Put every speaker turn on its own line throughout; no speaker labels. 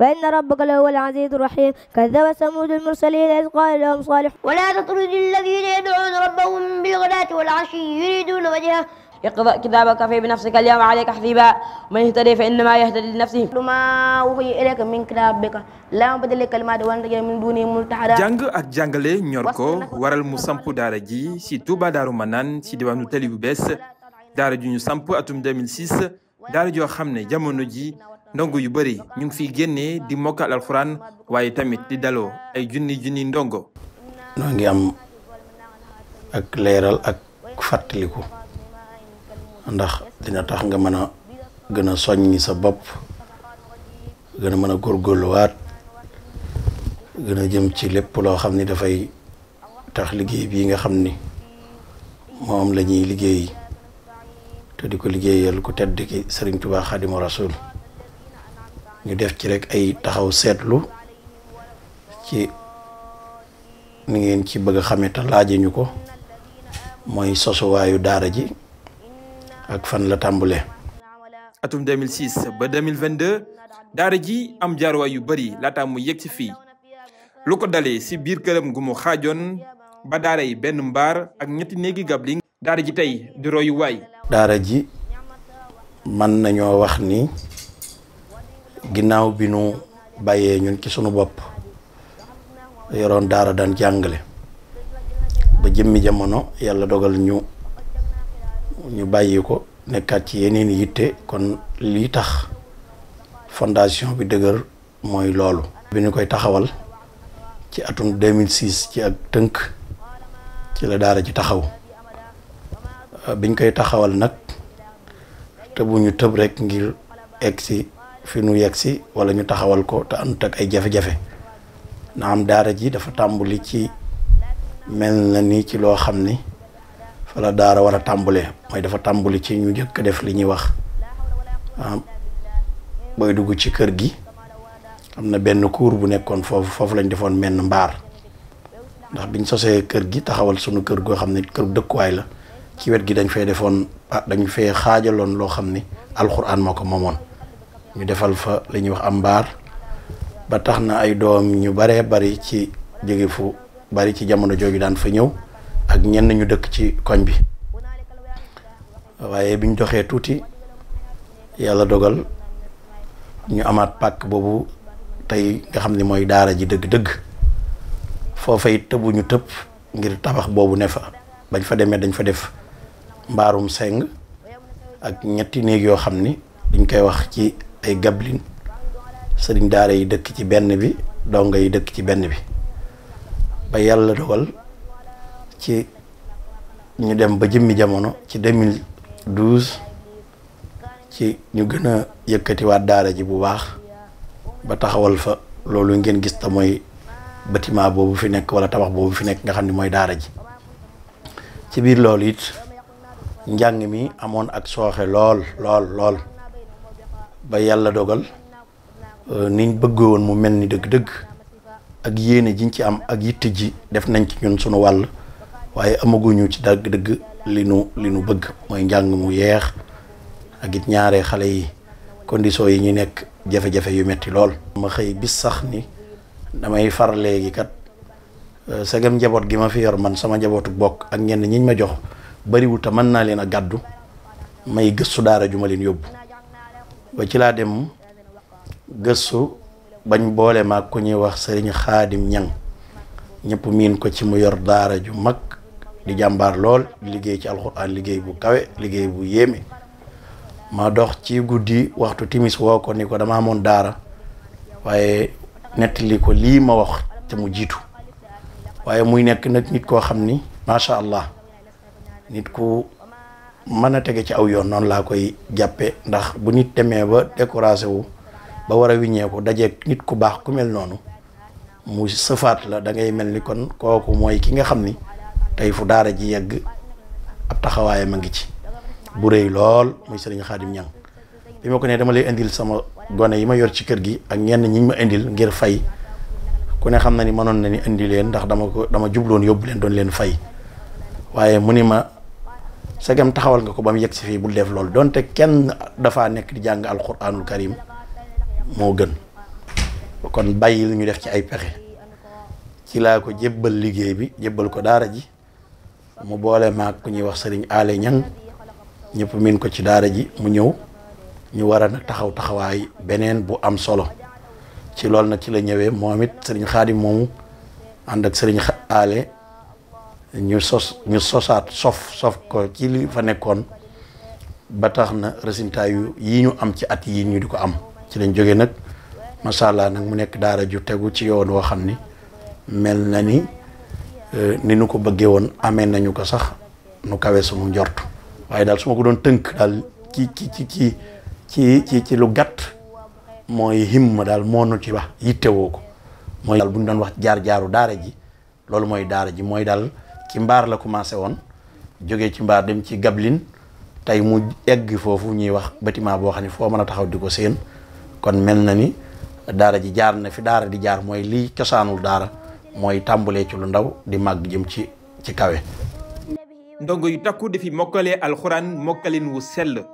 وإن ربك لهو العزيز الرحيم كذب ثمود المرسلين إذ قال لهم صالح ولا تطرد الذين يدعون ربهم بالغداة والعشي يريدون وجهه اقرأ كتابك
في بنفسك اليوم عليك حسيبا من يهتدي فإنما يهتدي لنفسه ما أوحي إليك من كتابك laa badale kalimaat wan rek min duni multaxada jàng
ak jàngale ñor ko waral mu samp daara ji ci Touba Daaru Manaan ci diwaanu tali bu bees daara ju ñu samp atum 2006 daara joo xam ne jamono ji ndongo yu bëri ñu ngi fiy génnee di mokkal alxuraan waaye tamit di daloo ay junni junni ndongo. noo ngi am
ak leeral ak fàttaliku ndax dina tax nga mën a gën a soññi sa bopp gën a mën a góorgóorluwaat gën a jëm ci lépp loo xam ni dafay tax liggéey bii nga xam ni moom lañuy ñuy liggéey te di ko liggéeyal ko tedd ki Sëriñ Tuubaa Xaadimu Rasuul ñu def ci rek ay taxaw seetlu ci ni ngeen ci bëgg a xamee ñu ko mooy sosuwaayu daara ji ak fan la tàmbalee.
atum 2006 ba 2022 daara ji am jaarwaay yu bari laataa mu yegg ci fii lu ko dalee ci biir këram gu mu xaajoon ba daara yi benn mbaar ak ñetti néegi gabling daara ji tey di royuwaay.
daara ji mën nañoo wax ni. ginnaaw bi nu bàyyee ñun ci sunu bopp yoroon daara daan jàngale ba jëmmi jamono yàlla dogal ñu ñu bàyyi ko nekkaat ci yeneen yitte kon lii tax fondation bi dëgër mooy loolu bi ñu koy taxawal ci atum 2006 ci ak tënk ci la daara ji taxaw biñ koy taxawal nag te bu ñu tëb rekk ngir egg si fi nu yegg si wala ñu taxawal ko te am ak ay jafe-jafe na am daara ji dafa tàmbuli ci mel na ni ci loo xam ni fa la daara war a tàmbulee mooy dafa tàmbuli ci ñu njëkk def li ñuy wax ah, booy dugg ci kër gi am na benn cour bu nekkoon foofu foofu lañu defoon menn mbaar ndax biñ sosee kër gi taxawal sunu kër goo xam ne kër dëkkuwaay la ci wet gi dañ fee defoon ah, dañ fay xaajaloon loo xam ni alxuraan moo ko moomoon ñu defal fa li ñuy wax am mbaar ba tax na ay doom ñu baree bari ci jege fu bari ci jamono jooju daan fa ñëw ak ñenn ñu dëkk ci koñ bi waaye bi ñu doxee tuuti yàlla dogal ñu amaat pàkk boobu tey nga xam ni mooy daara ji dëgg-dëgg foofay tëbu ñu tëb ngir tabax boobu ne fa bañ fa demee dañ fa def mbaarum seng ak ñetti néeg yoo xam ni dañ koy wax ci ay gablin sëriñ daara yi dëkk ci benn bi dongo yi dëkk ci benn bi ba yàlla dogal ci ñu dem ba jëmmi jamono ci 2012 ci ñu gën a yëkkatiwaat daara ji bu baax ba taxawal fa loolu ngeen gis te mooy bâtiment boobu fi nekk wala tabax boobu fi nekk nga xam ni mooy daara ji ci biir loolu it njàng mi amoon ak sooxe lool lool lool ba yàlla dogal euh, niñ bëggee woon mu mel ni dëgg-dëgg ak yéene jiñ ci am ak yitt ji def nañ ci ñun sunu wàll waaye amaguñu ci dagg dëgg li nu li nu bëgg mooy njàng mu yeex ak it ñaaree xale yi conditions yi ñu nekk jafe-jafe yu metti lool. ma xëy bis sax ni damay far léegi kat euh, segam njaboot gi ma fi yor man sama njabootu bokk ak ñenn ñi ma jox bariwul te mën naa leen a gàddu may gëstu daara ju ma leen yóbbu. ba ci laa dem gëstu bañ boole maag ku ñuy wax sëriñ xaadim ñaŋ ñëpp miin ko ci mu yor daara ju mag di jàmbaar lool liggéey ci alxuraan liggéey bu kawe liggéey bu yéeme ma dox ci guddi waxtu timis woo ko ni ko dama amoon daara waaye nettali ko lii ma wax te mu jiitu waaye muy nekk nag nit koo xam ni macha allah nit ku mën a tege ci aw yoon noonu laa koy jàppe ndax bu nit demee ba découragé wu ba war a wiññeeku dajee nit ku baax ku mel noonu mu sëfaat la dangay mel ni kon kooku mooy ki nga xam ni tey fu daara ji yegg ab taxawaayam a ngi ci bu rëy lool muy sëriñ Xaadim Ñang bi ma ko ne dama lay indil sama gone yi ma yor ci kër gi ak ñenn ñi ma indil ngir fay ku ne xam na ni mënoon na ni indi leen ndax dama ko dama jubloon yóbbu leen doon leen fay waaye mu ni segam taxawal nga ko ba mu yegg si fii bul def loolu donte kenn dafa nekk di jàng alquranul karim moo gën kon bàyyi lu ñu def ci ay pexe ci laa ko jébbal liggéey bi jébbal ko daara ji mu boole maag ku ñuy wax sëriñ aale ñang ñëpp min ko ci daara ji mu ñëw ñu war taxaw taxawaay beneen bu am solo ci loolu nag ci la ñëwee moom it sëriñ xaadim moomu ànd ak sëriñ aale ñu sos ñu sosaat sof sof ko ci li fa nekkoon ba tax na résultat yu yi ñu am ci at yi ñu di ko am ci lañ jóge nag macha allah nag mu nekk daara ju tegu ci yoon woo xam ni mel na ni euh, ni nu ko bëggee woon amee nañu ko sax nu kawe suñu njort waaye daal su ma ko doon tënk daal ci ci ci ci ci ci ci lu gàtt mooy himma daal moonu ci wax yittewoo ko mooy daal bu ñu doon wax jaar-jaaru daara ji loolu mooy daara ji mooy daal ci mbaar la commencé woon jóge ci mbaar dem ci gablin tey mu egg foofu ñuy wax bâtiment boo xam ne foo mën a taxaw di ko séen kon mel na ni daara ji jaar na fi daara di jaar mooy lii cosaanul daara mooy tàmbalee ci lu ndaw di màgg jëm ci ci kawe
ndongo yu takku dafi mokkalee alxuraan mokkalin wu sell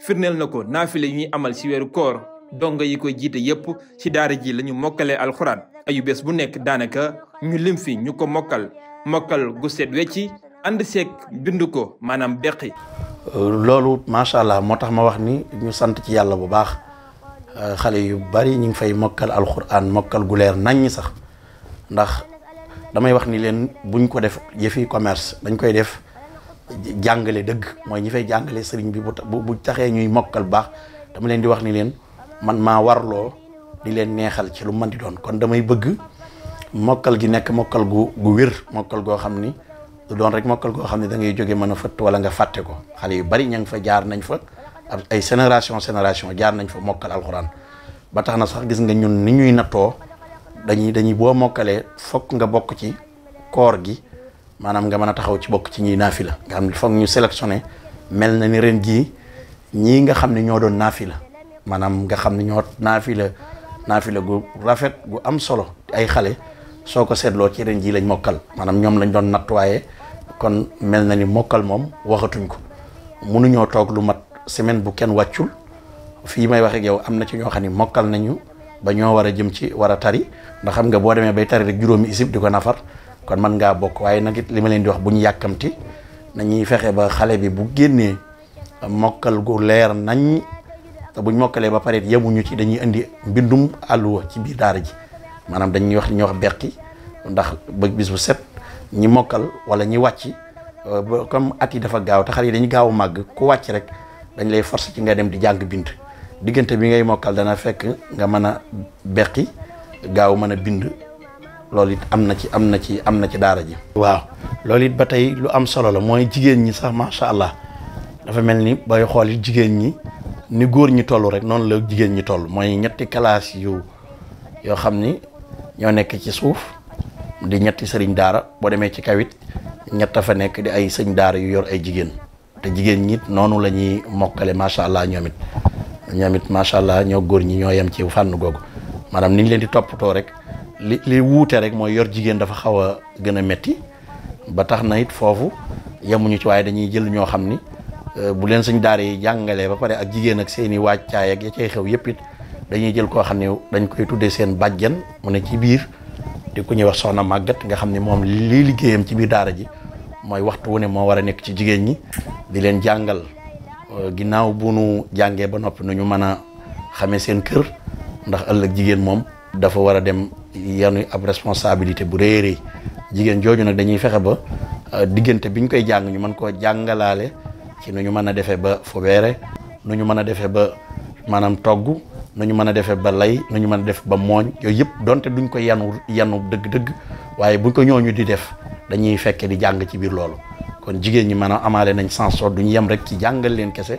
firneel na ko naafile yu ñuy amal ci weeru koor dongo yi koy jiite yépp ci daara ji lañu mokkalee alxuraan ayu bés bu nekk daanaka ñu lim fi ñu ko mokkal mokkal gu set wecci ànd seeg bind ko maanaam beqi
loolu macha allah moo tax ma wax ni ñu sant ci yàlla bu baax euh, xale yu bari ñu fay mokkal alxuraan mokkal gu leer naññ sax ndax damay wax ni leen buñ ko def yëfi commerce dañ koy def jàngale dëgg mooy ñi fay jàngale sëriñ bi bu bu taxee ñuy mokkal baax dama leen di wax ni leen man maa warloo di leen neexal ci lu mën doon kon damay bëgg mokkal gi nekk mokkal gu gu wér mokkal goo xam ni du doon rek mokkal goo xam ne da ngay jóge mën a fëtt wala nga fàtte ko xale yu bari ña ngi fa jaar nañ fa ay sénération génération jaar nañ fa mokkal alxuraan ba tax na sax gis nga ñun ni ñuy nattoo dañuy dañuy boo mokkalee fokk nga bokk ci koor gi maanaam nga mën a taxaw ci bokk ci ñuy naafila nga xam ne fokk ñu sélectionné mel na ni ren jii ñii nga xam ne ñoo doon naafila maanaam nga xam ne ñoo naafila naafila gu rafet gu am solo ay xale soo ko seetloo ci ren jii lañ mokkal maanaam ñoom lañ doon natt waaye kon mel na ni mokkal moom waxatuñ ko mënuñoo toog lu mat semaine bu kenn wàccul fii may wax ak yow am na ci ñoo xam ni mokkal nañu ba ñoo war a jëm ci war a tari ndax xam nga boo demee bay tari rek juróomi isib di ko nafar kon mën ngaa bokk waaye nag it li ma leen di bu ñu yàkkamti nañuy fexe ba xale bi bu génnee mokkal gu leer nañ buñ mokkalee ba pare yemuñu ci dañuy indi mbindum àlluwa ci biir daara ji maanaam dañuy wax li ñuy wax beqi ndax ba bis bu set ñi mokkal wala ñi wàcc euh, ba comme at yi dafa gaaw te xale yi dañu gaaw màgg ku wàcc rek dañ lay force ci nga dem di jàng bind diggante bi ngay mokkal dana fekk nga mën a beqi gaaw mën a bind loolu it am na ci am na ci am na ci daara ji waaw loolu it ba tey lu am solo la mooy jigéen ñi sax macha allah dafa mel ni booy xool jigéen ñi ni góor ñi toll rek noonu la jigéen ñi toll mooy ñetti classe yu yoo xam ni ñoo nekk ci suuf di ñetti sëriñ daara boo demee ci kawit ñett fa nekk di ay sëñ daara yu yor ay jigéen te jigéen ñi noonu la ñuy mokkale macha allah ñoomit it ñoom it macha allah ñoo góor ñi ñoo yem ci fànn googu maanaam ni leen di toppatoo rek li li wuute rek mooy yor jigéen dafa xaw a gën a metti ba tax na it foofu yemuñu ci waaye dañuy jël ñoo xam ni euh, bu leen sëñ daar yi jàngalee ba pare ak jigéen ak seeni i waajtaay ak ya cay xew yëpp it dañuy jël koo xam ne dañ koy tuddee seen bàjjen mu ne ci biir di ku ñuy wax soxna màggat nga xam ne moom lii liggéeyam ci biir daara ji mooy waxtu wu ne moo war a nekk ci jigéen ñi di leen jàngal euh, ginnaaw bu nu jàngee ba noppi nu ñu mën a xamee seen kër ndax ëllëg jigéen moom dafa war a dem yanu ab responsabilité bu rëy jigéen jooju nag dañuy fexe ba euh, diggante bi koy jàng ñu mën koo jàngalaale ci nu ñu mën a defee ba fu fobeere nu ñu mën a defee ba maanaam togg nañu ñu mën a defee ba lay nu ñu mën a def ba mooñ yooyu yëpp donte duñ ko yanu yanu dëgg-dëgg waaye buñ ko ñu di def dañuy fekkee di jàng ci biir loolu kon jigéen ñi a amaale nañ sans sot duñ yem rek ci jàngal leen kese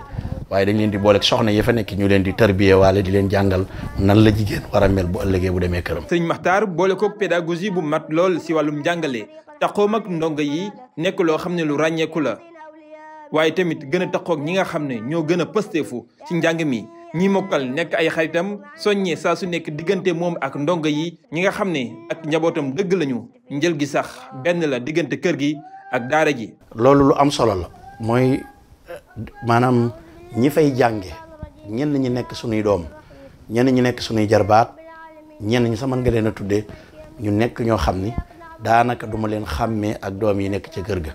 waaye dañ leen di booleeg soxna ya fa nekk ñu leen di tarbiyé waale di jàngal nan la jigéen war a mel bu ëllëgee bu demee këram.
sëñ Maxtaar boole koog pédagogie bu mat lool si wàllum jàngale taxoom ak ndongo yi nekk loo xam ne lu ràññeeku la waaye tamit gën a taxoog ñi nga xam ne ñoo gën a pësteefu ci njàng mi ñi mokkal nekk ay xaritam soññee saa su nekk diggante moom ak ndongo yi ñi nga xam ne ak njabootam dëgg lañu njël gi sax benn la diggante kër gi ak daara ji.
loolu lu am solo la mooy maanaam ñi fay jànge ñenn ñi nekk suñuy doom ñenn ñi nekk suñuy jarbaat ñenn ñi sax mën nga leen a tuddee ñu nekk ñoo xam ni daanaka duma leen xàmmee ak doom yi nekk ca kër ga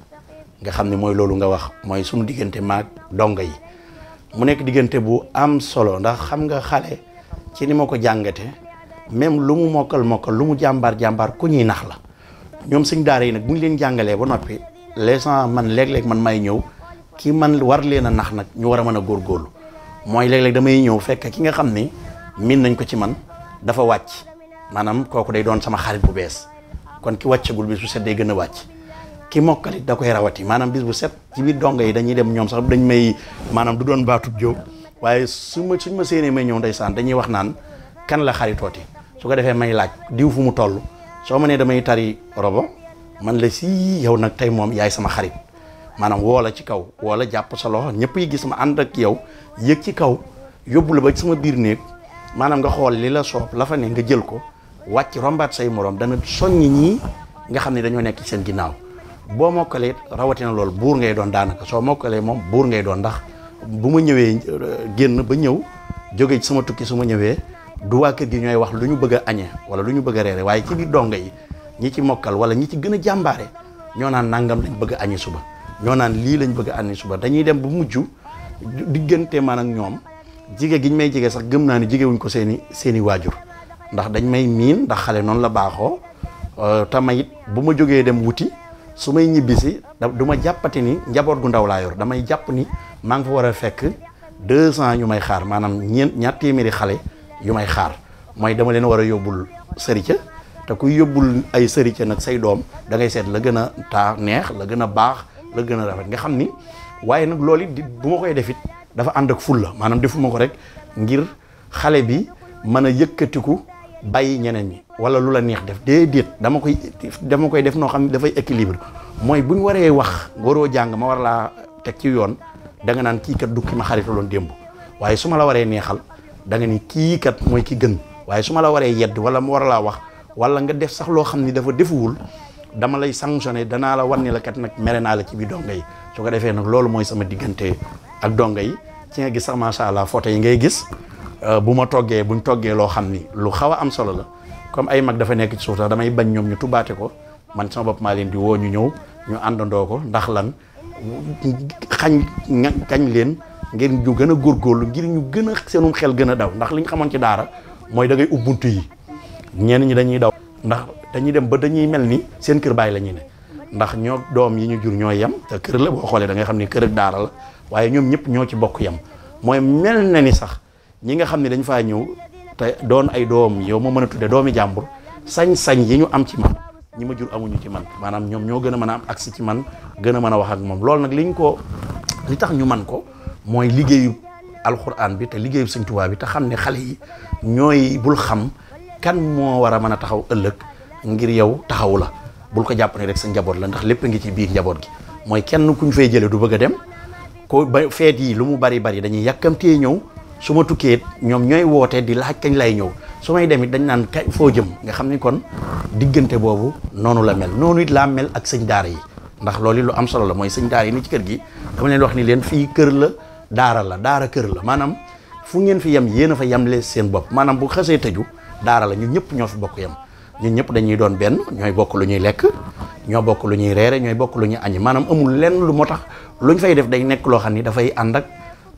nga xam ne mooy loolu nga wax mooy suñu diggante maak dongo yi. mu nekk diggante bu am solo ndax xam nga xale ci ni ma ko jàngate même lu mu mokkal mokkal lu mu jàmbaar jàmbaar ku ñuy nax la ñoom suñ daara yi nag bu ñu leen jàngalee ba noppi les gens man léeg-léeg man may ñëw ki man war leen a nax nag ñu war a mën a góor góorlu mooy léeg-léeg damay ñëw fekk ki nga xam ni miin nañ ko ci man dafa wàcc maanaam kooku day doon sama xarit bu bees kon ki wàccagul bi su seddee gën a wàcc ki mokkalit da koy rawati maanaam bis bu set ci biir dongo yi dañuy dem ñoom sax dañ may maanaam du doon baatub jóob waaye su ma suñ ma séenee may ñëw ndeysaan dañuy wax naan kan la xaritooti su ko defee may laaj diw fu mu toll soo ma nee damay tari robo man la si yow nag tey moom yaay sama xarit maanaam woola ci kaw woola jàpp sa loxo ñëpp yi gis ma ànd ak yow yëg ci kaw yóbbu la ba sama biir néeg maanaam nga xool li la soob la fa ne nga jël ko wàcc rombaat say morom dana soññ ñii nga xam ne dañoo nekk ci seen ginnaaw boo mokkalee rawatina loolu buur ngay doon daanaka soo mokkalee moom buur ngay doon ndax bu ma ñëwee euh, génn ba ñëw jóge ci sama tukki su ma ñëwee du waa kër gi ñooy wax lu ñu bëgg a añee wala lu ñu bëgg a waaye ci biir donga yi ñi ci mokkal wala ñi ci gën a jàmbaare ñoo naan nangam lañ bëgg a añee suba ñoo naan lii lañ bëgg a añee suba dañuy dem bu mujj diggante man ak ñoom jige giñ may jige sax gëm naa ne jige wuñ ko seen i seen waajur ndax dañ may miin ndax xale noonu la baaxoo euh, te ma bu ma jógee dem wuti su may ñibbisi du ma jàppati ni njaboot gu ndaw laa yor damay jàpp ni maa ngi fa war a fekk deux cent yu may xaar maanaam ñeent ñaar téeméeri xale yu may xaar mooy dama leen war a yóbbul sërica te kuy yóbbul ay sërica nag say doom dangay seet la gën a taa neex la gën a baax la gën a rafet nga xam ni waaye nag loolu it bu ma koy defit dafa ànd ak ful la maanaam defuma ko rek ngir xale bi mën a yëkkatiku bàyyi ñeneen mi wala lu la neex def déedéet dama koy dama koy def noo xam ne dafay équilibre mooy bu ñu waree wax waroo jàng ma war laa teg ci yoon danga naan kii kat du ki ma xaritaloon démb waaye su ma la waree neexal da nga ni kii kat mooy ki gën waaye su ma la waree yedd wala mu war laa wax wala nga def sax loo xam ni dafa defuwul dama lay sanctionné danaa la war ni la kat nag mere naa la ci biir donga yi su ko defee nag loolu mooy sama diggante ak donga yi ci nga gis sax macha allah photo yi ngay gis. Euh, bu ma toggee buñ toggee loo xam ni lu xaw am solo la comme ay mag dafa nekk ci suuf sax damay bañ ñoom ñu tubbaate ko man sama bopp maa leen di woo ñu ñëw ñu àndandoo ko ndax lan xañ kañ leen ngir ñu gën a góor góorgóorlu ngir ñu gën a seenum xel gën a daw ndax liñ xamoon ci daara mooy da ngay ubbuntu yi ñenn ñi dañuy daw ndax dañuy dem ba dañuy mel ni seen kër baay la ñuy ne ndax ñoo doom yi ñu jur ñoo yem te kër la boo xoolee dangay xam ni kër ak daara la waaye ñoom ñëpp ñoo ci bokk yem ñi nga xam ne dañ faa ñëw te doon ay doom yow ma mën a tudde doomi jàmbur sañ-sañ yi ñu am ci man ñi ma jur amuñu ci man maanaam ñoom ñoo gën a mën a am accès ci man gën a mën a wax ak moom loolu nag liñ ko li tax ñu man ko mooy liggéeyu alxuraan bi te liggéeyu Sëñ Tuubaa bi te xam ne xale yi ñooy bul xam kan moo war a mën a taxaw ëllëg ngir yow taxawu la bul ko jàpp rek sa njaboot la ndax lépp ngi ci biir njaboot gi mooy kenn kuñ fay jële du bëgg a dem ko ba feet yi lu mu bari bari dañuy yàkkamtee ñëw su ma tukkee ñoom ñooy wootee di laaj kañ lay ñëw su may dem it dañ naan kañ foo jëm nga xam ni kon diggante boobu noonu la mel noonu it laa mel ak sëñ daara yi ndax loolu lu am solo la mooy sëñ daara yi ni ci kër gi dama leen wax ni leen fii kër la daara la daara kër la maanaam fu ngeen fi yem yéen a fa yemle seen bopp maanaam bu xasee tëju daara la ñun ñëpp ñoo fi bokk yem ñun ñëpp dañuy doon benn ñooy bokk lu ñuy lekk ñoo bokk lu ñuy reere ñooy bokk lu ñuy añi maanaam amul lenn lu moo tax lu ñu fay def day nekk loo xam ni dafay ànd ak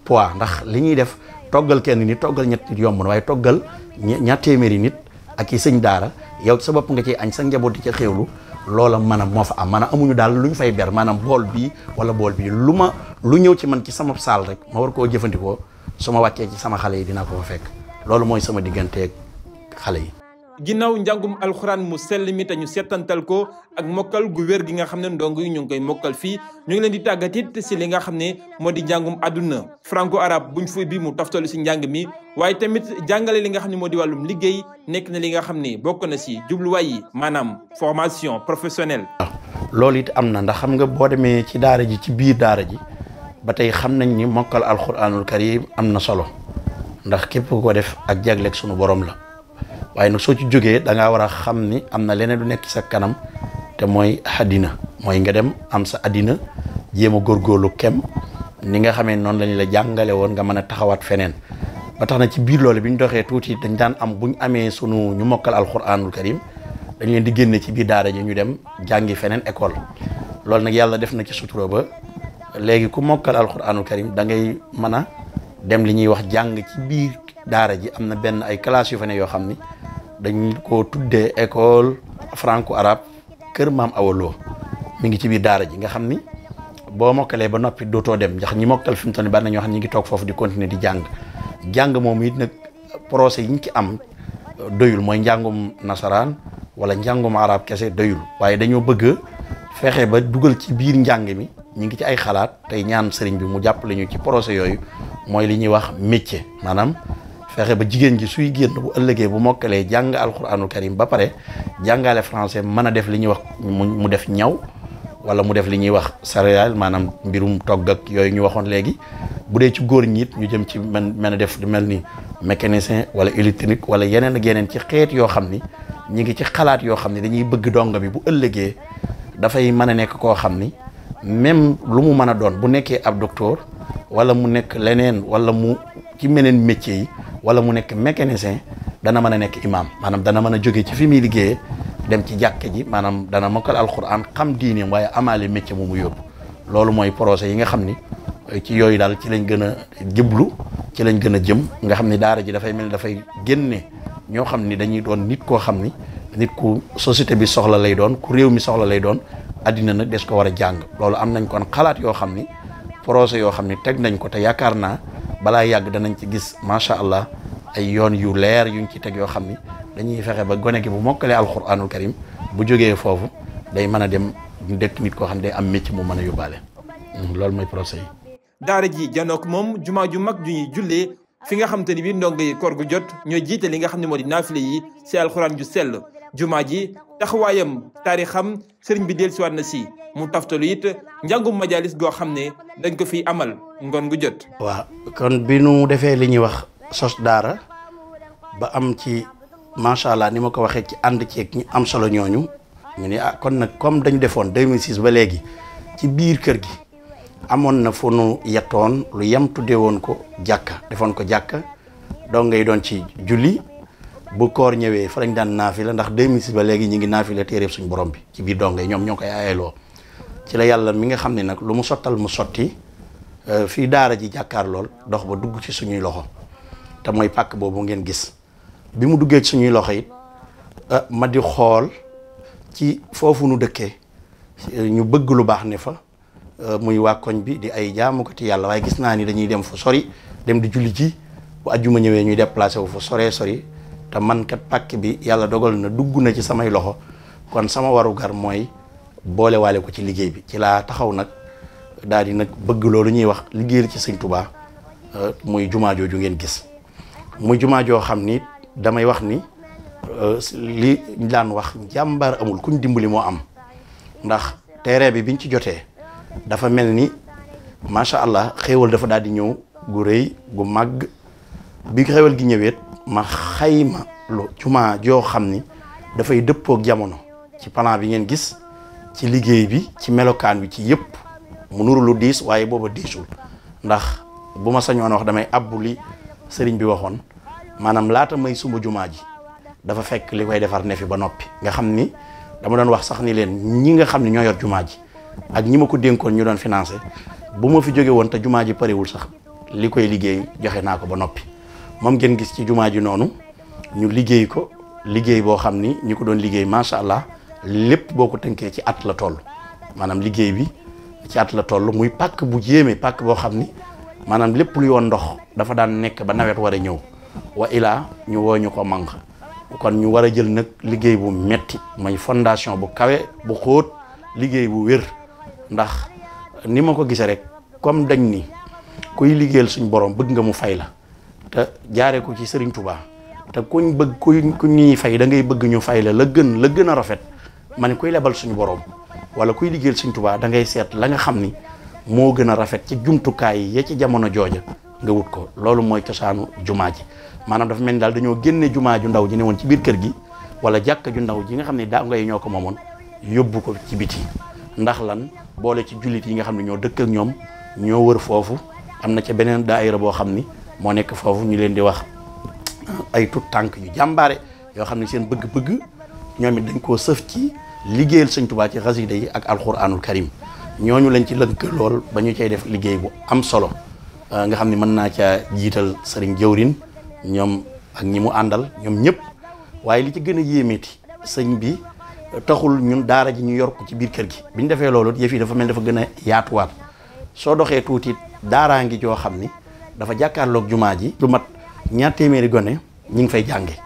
pois ndax li ñuy def toggal kenn ni toggal ñett nit yomb na waaye toggal ñaar téeméeri nit ak i sëñ daara yow sa bopp nga ciy añ sa njaboot di ca xéewlu loola maanaam moo fa am maanaam amuñu daal lu ñu fay ber maanaam bool bii wala bool bi lu ma lu ñëw ci man ci sama saal rek ma war koo jëfandikoo su ma wàccee ci sama xale yi dinaa ko fa fekk loolu mooy sama digganteeg xale yi
ginnaaw njàngum alxuraan mu sell mi te ñu settantal ko ak mokkal gu wér gi nga xam ne ndongo yi ñu ngi koy mokkal fii ñu ngi leen di tàggatit si li nga xam ne moo di njàngum àdduna franco arabe buñ fu bi mu toftalu si njàng mi waaye tamit jàngale li nga xam ne moo di wàllum liggéey nekk na li nga xam ne bokk na si jubluwaay yi maanaam formation professionnelle.
loolu it am na ndax xam nga boo demee ci daara ji ci biir daara ji ba tey xam nañ ni mokkal alxuraanul karim am na solo ndax képp ko def ak jagleeg sunu borom la. waaye nag soo ci jógee da ngaa war a xam ni am na leneen lu nekk sa kanam te mooy xàddina mooy nga dem am sa àddina jéem a góorlu kem ni nga xamee noonu lañ la jàngale woon nga mën a taxawaat feneen ba tax na ci biir loole bi ñu doxee tuuti dañ daan am bu ñu amee sunu ñu mokkal alquranul karim dañ leen di génne ci biir daara ji ñu dem jàngi feneen école loolu nag yàlla def na ci sutura ba léegi ku mokkal alquranul karim da ngay mën a dem li ñuy wax jàng ci biir daara ji am na benn ay classes yu fa ne yoo xam ni dañ ko tuddee école franco arabe kër maam awalo mu ngi ci biir daara ji nga xam ni boo mokkalee ba noppi dootoo dem ndax ñi mokkal fi mu toll ne bari na ñoo xam ñi ngi toog foofu di continuer di jàng jàng moom it nag procès yi ñu ci am doyul mooy njàngum nasaraan wala njàngum arab kese doyul waaye dañoo bëgg fexe ba dugal ci biir njàng mi ñu ngi ci ay xalaat tey ñaan sëriñ bi mu jàpp lañu ci procès yooyu mooy li ñuy wax métier maanaam fexe ba jigéen ji suy génn bu ëllëgee bu mokkalee jàng alquranul karim ba pare jàngale français mën a def li ñuy wax mu def ñaw wala mu def li ñuy wax céréale maanaam mbirum ak yooyu ñu waxoon léegi bu dee ci góor ñi ñu jëm ci man mën a def du mel ni mécanicien wala électronique wala yeneen ak yeneen ci xeet yoo xam ni ñu ngi ci xalaat yoo xam ni dañuy bëgg dongo bi bu ëllëgee dafay mën a nekk koo xam ni même lu mu mën a doon bu nekkee ab docteur wala mu nekk leneen wala mu ci meneen métier yi wala mu nekk mécanicien dana mën a nekk imaam maanaam dana mën a jóge ci fi muy liggéeyee dem ci jàkka ji maanaam dana mokkal alquran xam diineem waaye amaale métier mu mu yóbbu loolu mooy projet yi nga xam ni ci yooyu daal ci lañ gën a jublu ci lañ gën a jëm nga xam ni daara ji dafay mel ni dafay génne ñoo xam ni dañuy doon nit koo xam ni nit ku société bi soxla lay doon ku réew mi soxla lay doon addina nag des ko war a jàng loolu am nañ kon xalaat yoo xam ni projet yoo xam ni teg nañ ko te yaakaar naa balaa yàgg danañ ci gis macha allah ay yoon yu leer yuñ ci teg yoo xam ni dañuy fexe ba gone gi bu mokkalee alquranul karim bu jógee foofu day mën a dem dëkk nit koo xam ne day am métier mu mën a yóbbaale hmm, loolu mooy procès yi.
daara ji janook moom jumaa ju mag ju ñuy jullee fi nga xam te ni bii ndong yi koor gu jot ñoo jiite li nga xam ne moo di naafile yi si alxuraan ju sell jumaa ji taxawaayam taarixam sëriñ bi si dellusiwaat na si. mu taftalu it njàngum majalis goo xam ne dañ ko fiy amal ngoon gu jot. waaw
kon bi nu defee li ñuy wax sos daara ba am ci macha allah ni ma ko waxee ci ànd ceeg ñu am solo ñooñu. ñu ni ah kon nag comme dañu defoon 2006 ba léegi ci biir kër gi amoon na foo nu yettoon lu yem tuddee woon ko jàkka defoon ko jàkka doo ngay doon ci julli bu koor ñëwee fa lañ daan naafila ndax 2006 ba léegi ñu ngi naafila téereb suñu borom bi ci biir yi ñoom ñoo koy aayaloo ci la yàlla mi nga xam ne nag lu mu sottal mu sotti euh, fii daara ji jàkkaar lool dox ba dugg ci suñuy loxo te mooy pàkk boobu ngeen gis bi mu duggee ci suñuy loxo it euh, ma di xool ci foofu nu dëkkee euh, ñu bëgg lu baax ne fa muy waa bi di ay jaamukati yàlla waaye gis naa ni dañuy dem fu sori dem di julli ji bu ajjuma ñëwee ñuy déplacé wu fu soree sori te man kat pàkk bi yàlla dogal na dugg na ci samay loxo kon sama warugar mooy boolewaale ko ci liggéey bi ci laa taxaw nag daal di nag bëgg loolu ñuy wax liggéeyal ci sëñ Touba euh, muy jumaa jooju ngeen gis muy jumaa joo xam ni damay wax ni euh, li daan wax jàmbaar amul kuñ dimbali moo am ndax terrain bi biñ ci jotee dafa mel ni macha allah xéewal dafa daal di ñëw gu rëy gu màgg bi gi ñëweet ma xayma lu joo xam ni dafay dëppook jamono ci plan bi ngeen gis ci liggéey bi ci melokaan bi ci yëpp mu nuru lu diis waaye booba diisul ndax bu ma sañoon wax damay abbu li sëriñ bi waxoon maanaam laata may sumba jumaa ji dafa fekk li koy defar ne fi ba noppi nga xam ni dama doon wax sax ni leen ñi nga xam ne ñoo yor jumaa ji ak ñi ma ko dénkoon ñu doon financé bu ma fi jóge woon te jumaa ji parewul sax li koy liggéey joxe naa ko ba noppi moom ngeen gis ci jumaa ji noonu ñu liggéey ko liggéey boo xam ni ñu ko doon liggéey macha allah lépp boo ko tënkee ci at la toll maanaam liggéey bi ci at la toll muy pàkk bu jéeme pàkk boo xam ni maanaam lépp lu yoon ndox dafa daan nekk ba nawet war a ñëw wa ilaa ñu woo ñu ko manq kon ñu war a jël nag liggéey bu metti mooy fondation bu kawe bu xóot liggéey bu wér ndax ni ma ko gisee rek comme dañ ni kuy liggéeyal suñ borom bëgg nga mu fay la te jaare ko ci sëriñ tubaa te kuñ bëgg kuñ ku ñuy fay da ngay bëgg ñu fay la la gën la gën a rafet ma ne kuy lebal suñu borom wala kuy liggéeyal suñ tubaa dangay seet la nga xam ni moo gën a rafet ci jumtukaay yi ya ci jamono jooja nga wut ko loolu mooy cosaanu jumaa ji maanaam dafa mel ni daal dañoo génne jumaa ju ndaw ji ne ci biir kër gi wala jàkka ju ndaw ji nga xam ne daango yi ñoo ko moomoon yóbbu ko ci biti ndax lan boole ci jullit yi nga xam ne ñoo dëkk ak ñoom ñoo wër foofu am na ca beneen daayira boo xam ni moo nekk foofu ñu leen di wax ay tut tànk yu jàmbaare yoo xam ne seen bëgg-bëgg ñoom it dañ koo sëf ci liggéeyal sëñ Tuubaa ci xasida yi ak alxuraanul karim ñooñu lañ ci lënk lool ba ñu cay def liggéey bu am solo euh, nga xam ne mën naa caa jiital sëriñ jëwrin ñoom ak ñi mu àndal ñoom ñëpp waaye li ci gën a yéemeeti sëñ bi taxul ñun daara ji ñu york ci biir kër gi bi ñu defee loolu yëf yi dafa mel dafa gën a yaatuwaat soo doxee tuuti daaraa ngi joo xam ni dafa jàkkaarloog jumaa ji lu mat ñaar téeméeri gone ñi ngi fay jànge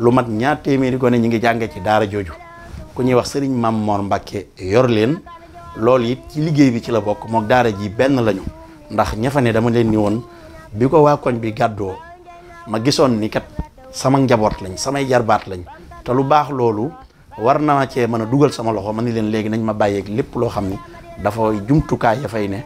lu mat ñaar téeméeri ko ne ñu ngi jàngee ci daara jooju ku ñuy wax sëriñ Maam Mor Mbàkke yor leen loolu it ci liggéey bi ci la bokk mook daara ji benn lañu ndax ña fa ne dama leen ni woon bi ko waa koñ bi gàddoo ma gisoon ni kat sama njaboot lañ samay jarbaat lañ te lu baax loolu war naa cee man a dugal sama loxo ma ni leen léegi nañ ma bàyyeek lépp loo xam ni dafa jumtukaay ya fay ne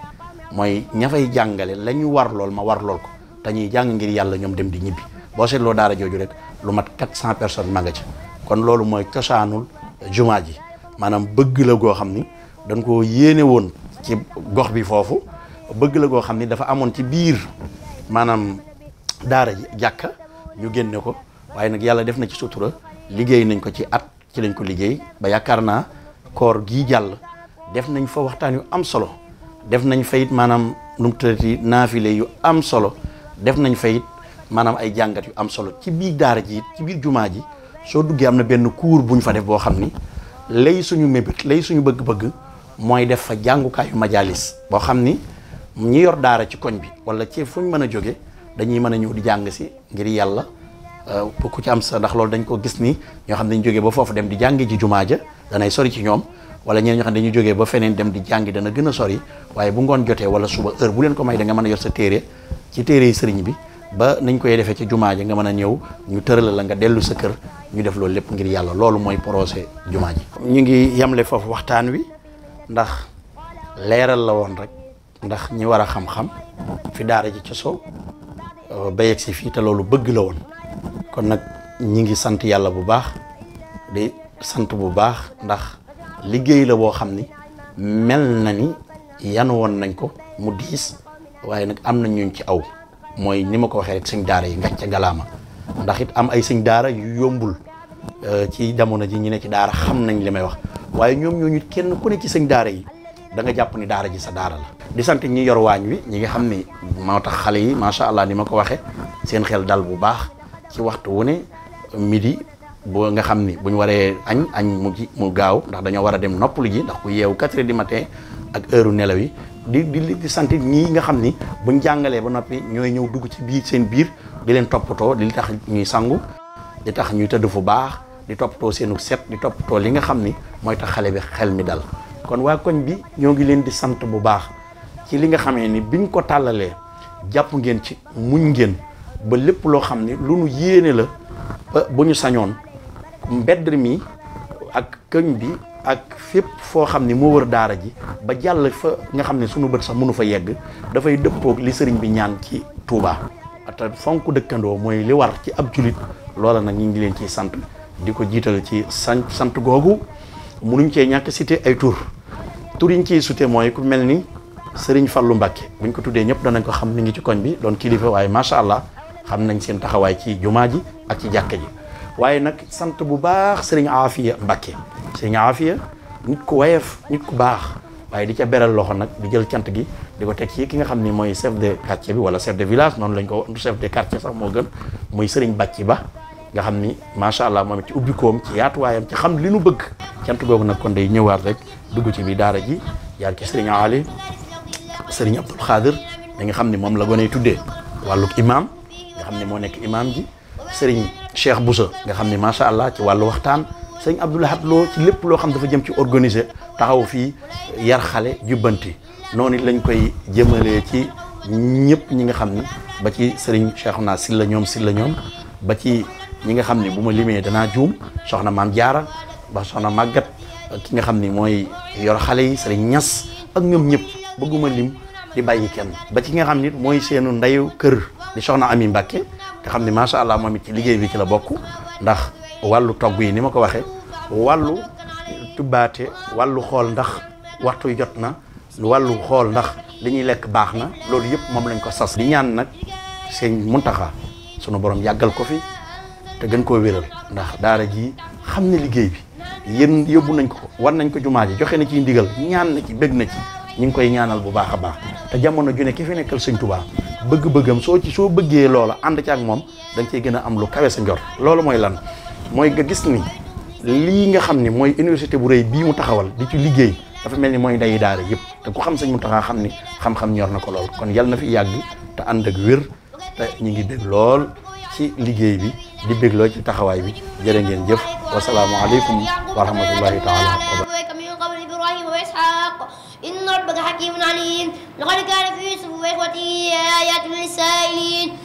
mooy ña fay jàngale la ñu war lool ma war lool ko te ñuy jàng ngir yàlla ñoom dem di ñibbi boo seetloo daara jooju rek lu mat 400 personnes ma nga ca kon loolu mooy cosaanul jumaa ji maanaam bëgg la goo xam ni dañ ko yéene woon ci gox bi foofu bëgg la goo xam ni dafa amoon ci biir maanaam daara ji jàkka ñu génne ko waaye nag yàlla def na ci sutura liggéey nañ ko ci at ci lañ ko liggéey ba yaakaar naa koor gi jàll def nañ fa waxtaan yu am solo def nañ fayit maanaam nu mu tuddati naafile yu am solo def nañ fayit maanaam ay jàngat yu am solo ci biir daara ji ci biir jumaa ji soo duggee am na benn cours bu ñu fa def boo xam ni lay suñu mébét lay suñu bëgg-bëgg mooy def fa jàngukaayu majalis boo xam ni ñi yor daara ci koñ bi wala ci fu ñu mën a jóge dañuy mën a ñëw di jàng si ngir yàlla euh, ku ci am sa ndax loolu dañ ko gis ni ñoo xam ne dañu jógee ba foofu dem di jàngi ji jumaa ja danay sori ci ñoom wala ñeneen ñoo xam ne dañuy jógee ba feneen dem di jàngi dana gën a sori waaye bu ngoon jotee wala suba heure bu leen ko may da nga mën a yor sa téere ci téere yi sëriñ bi ba nañ koy defee ci jumaa ji nga mën a ñëw ñu tëral la nga dellu sa kër ñu def loolu lépp ngir yàlla loolu mooy projet jumaa ji ñu ngi yemle foofu waxtaan wi ndax leeral la woon rek ndax ñi war a xam-xam fi daara ji ci sow euh, ba yegg si fii te loolu bëgg la woon kon nag ñi ngi sant yàlla bu baax di sant bu baax ndax liggéey la boo xam ni mel na ni yan woon nañ ko mu diis waaye nag am na ñuñ ci aw mooy ni ma ko waxee rek sëñ daara yi ngàcc galaama ndaxit am ay sëñ daara yu yombul euh, ci jamono ji ñu ne ci daara xam nañ li may wax waaye ñoom ñooñu kenn ku ne ci sëñ daara yi da jàpp ni daara ji sa daara la. di sant ñi yor waañ wi ñi nga xam ni moo tax xale yi macha allah ni ma ko waxee seen xel dal bu baax ci waxtu wu ne midi boo nga xam ni bu ñu waree añ añ mu mu gaaw ndax dañoo war a dem noppalu ji ndax ku yeewu quatre heures du matin ak heure nelaw yi di di sant ñii nga xam ni buñ jàngalee ba noppi ñooy ñëw dugg ci biir seen biir di leen toppatoo di tax ñuy sangu li tax ñuy tëdd fu baax di toppatoo seenu set di toppatoo li nga xam ni mooy tax xale bi xel mi dal kon waa koñ bi ñoo ngi leen di sant bu baax ci li nga xamee ni biñ ko tàllalee jàpp ngeen ci muñ ngeen ba lépp loo xam ni lu nu yéene la bu ñu sañoon mbedd mi ak këñ bi ak fépp foo xam ne moo wër daara ji ba jàll fa nga xam ne sunu bët sax mënu fa yegg dafay dëppook li sëriñ bi ñaan ci Touba. te fonk dëkkandoo mooy li war ci ab julit loola nag ñu ngi leen ciy sant di ko jiital ci sant sant googu munuñ cee ñàkk cité ay tur tur yi ciy sute mooy ku mel ni sëriñ Fallou Mbacké buñ ko tuddee ñëpp danañ ko xam ni ngi ci koñ bi doon kilifa waaye macha allah xam nañ seen taxawaay ci jumaa ji ak ci jàkka ji. waaye nag sant bu baax sëriñ Aafiya Mbàkke sëriñ Aafiya nit ku wayef nit ku baax waaye di ca beral loxo nag di jël cant gi di ko teg ci ki nga xam ni mooy chef de bi wala chef de noonu lañ ko chef de quartier sax moo gën muy sëriñ Bàcci Ba nga xam ni macha allah moom ci ubbikoom ci yaatuwaayam ci xam li nu bëgg cant googu nag kon day ñëwaat rek dugg ci bi daara ji jaar ci sëriñ Ali sëriñ Abdul Xaadir mi nga xam ni moom la gone tuddee wàlluk imaam nga xam ni moo nekk imaam ji sëriñ Cheikh Boussa nga xam ni macha allah ci wàllu waxtaan sëñ Abdoul Ahad Lo ci lépp loo xam dafa jëm ci organiser taxaw fii yar xale jubbanti noonu lañ koy jëmalee ci ñëpp ñi nga xam ni ba ci sëriñ Cheikhouna Sylla ñoom Sylla ñoom ba ci ñi nga xam ni bu ma limee danaa juum soxna maam jaara ba soxna màggat ki nga xam ni mooy yor xale yi sëriñ ñas ak ñoom ñëpp bëgguma lim di bàyyi kenn ba ci nga xam ni mooy seenu ndeyu kër di soxna Ami Mbàkke te xam ni macha allah moom it ci liggéey bi ci la bokk ndax wàllu togg yi ni ma ko waxee wàllu tubaate wàllu xool ndax waxtu yu jot na wàllu xool ndax li ñuy lekk baax na loolu yëpp moom lañ ko sas. di ñaan nag sëñ Muntaxa sunu borom yàggal ko fi te gën koo wéral ndax daara ji xam ne liggéey bi. yéen yóbbu nañ ko war nañ ko jumaa ji joxe na ci ndigal ñaan na ci bëgg na ci ñu ngi koy ñaanal bu baax a baax te jamono ju ne ki fi nekkal sëñ Tuubaa bëgg-bëggam soo ci soo bëggee loola ànd ci ak moom da nga cey gën a am lu kawe sa njor loolu mooy lan mooy nga gis ni lii nga xam ni mooy université bu rëy bii mu taxawal di ci liggéey dafa mel ni mooy ndeyu daara yëpp te ku xam sëñ mu taxaa xam ni xam-xam ñor na ko lool kon yal na fi yàgg te ànd ak wér te ñu ngi dégg lool ci liggéey bi di bég lool ci taxawaay bi jërë ngeen jëf wasalaamualeykum wa rahmatullahi taala
wa إبراهيم وإسحاق إن ربك حكيم عليم لقد كان في يوسف وإخوته آيات للسائلين